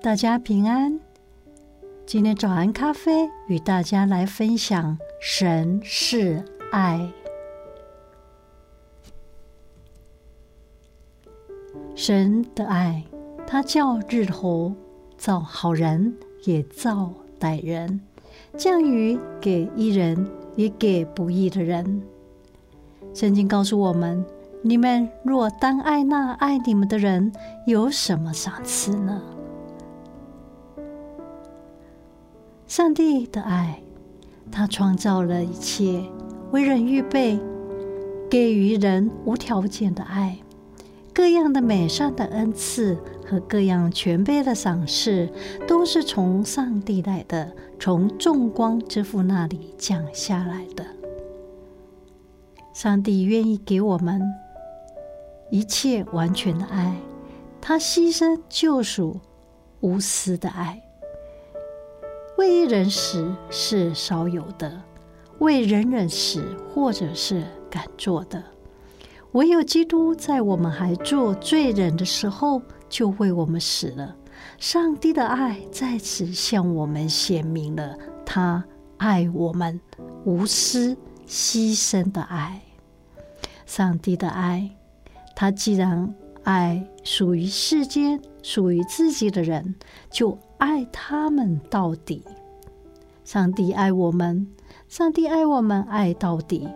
大家平安。今天早安咖啡與大家來分享：神是愛，神的愛，他叫日頭照好人，也照歹人；降雨給義人，也給不義的人。聖經告訴我們：你們若單愛那愛你們的人，有什麼賞賜呢？上帝的愛，他創造了一切，為人預備，給予人無條件的愛。各樣的美善的恩賜和各樣全備的賞賜，都是從上帝來的，從眾光之父那裡降下來的。上帝願意給我們一切完全的愛，他犧牲救贖，無私的愛。為義人死是少有的，為仁人死或者是敢做的，唯有基督在我們還做罪人的時候，就為我們死了。上帝的愛在此向我們顯明了，他愛我們無私犧牲的愛。上帝的愛，他既然愛屬於世間，屬於自己的人，就愛他們到底。上帝愛我們，上帝愛我們愛到底，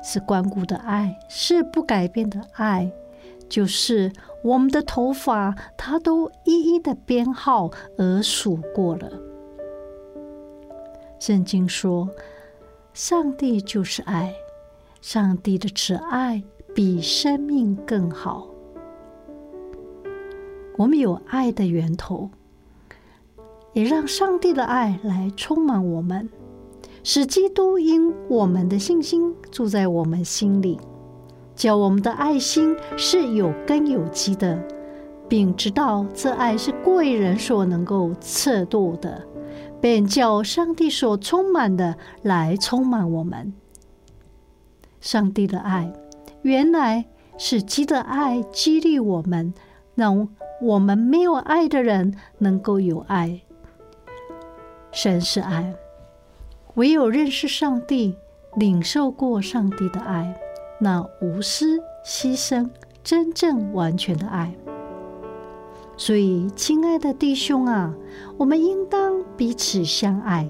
是關顧的愛，是不改變的愛，就是我們的頭髮，它都一一的編號而數過了。聖經說，上帝就是愛，上帝的慈愛比生命更好。我們有愛的源頭，也讓上帝的愛來充滿我們，使基督因我們的信心住在我們心裡，叫我們的愛心是有根有基的，並知道這愛是貴人所能夠測度的，便叫上帝所充滿的來充滿我們。上帝的愛，原來是基督的愛激勵我們。讓我們沒有愛的人能夠有愛。神是愛，唯有認識上帝、領受過上帝的愛，那無私、犧牲、真正、完全的愛。所以，親愛的弟兄啊，我們應當彼此相愛，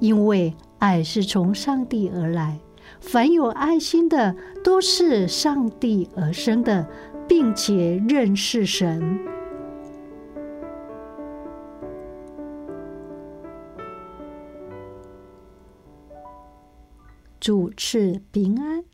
因為愛是從上帝而來。凡有愛心的，都是上帝而生的。並且認識神，主賜平安。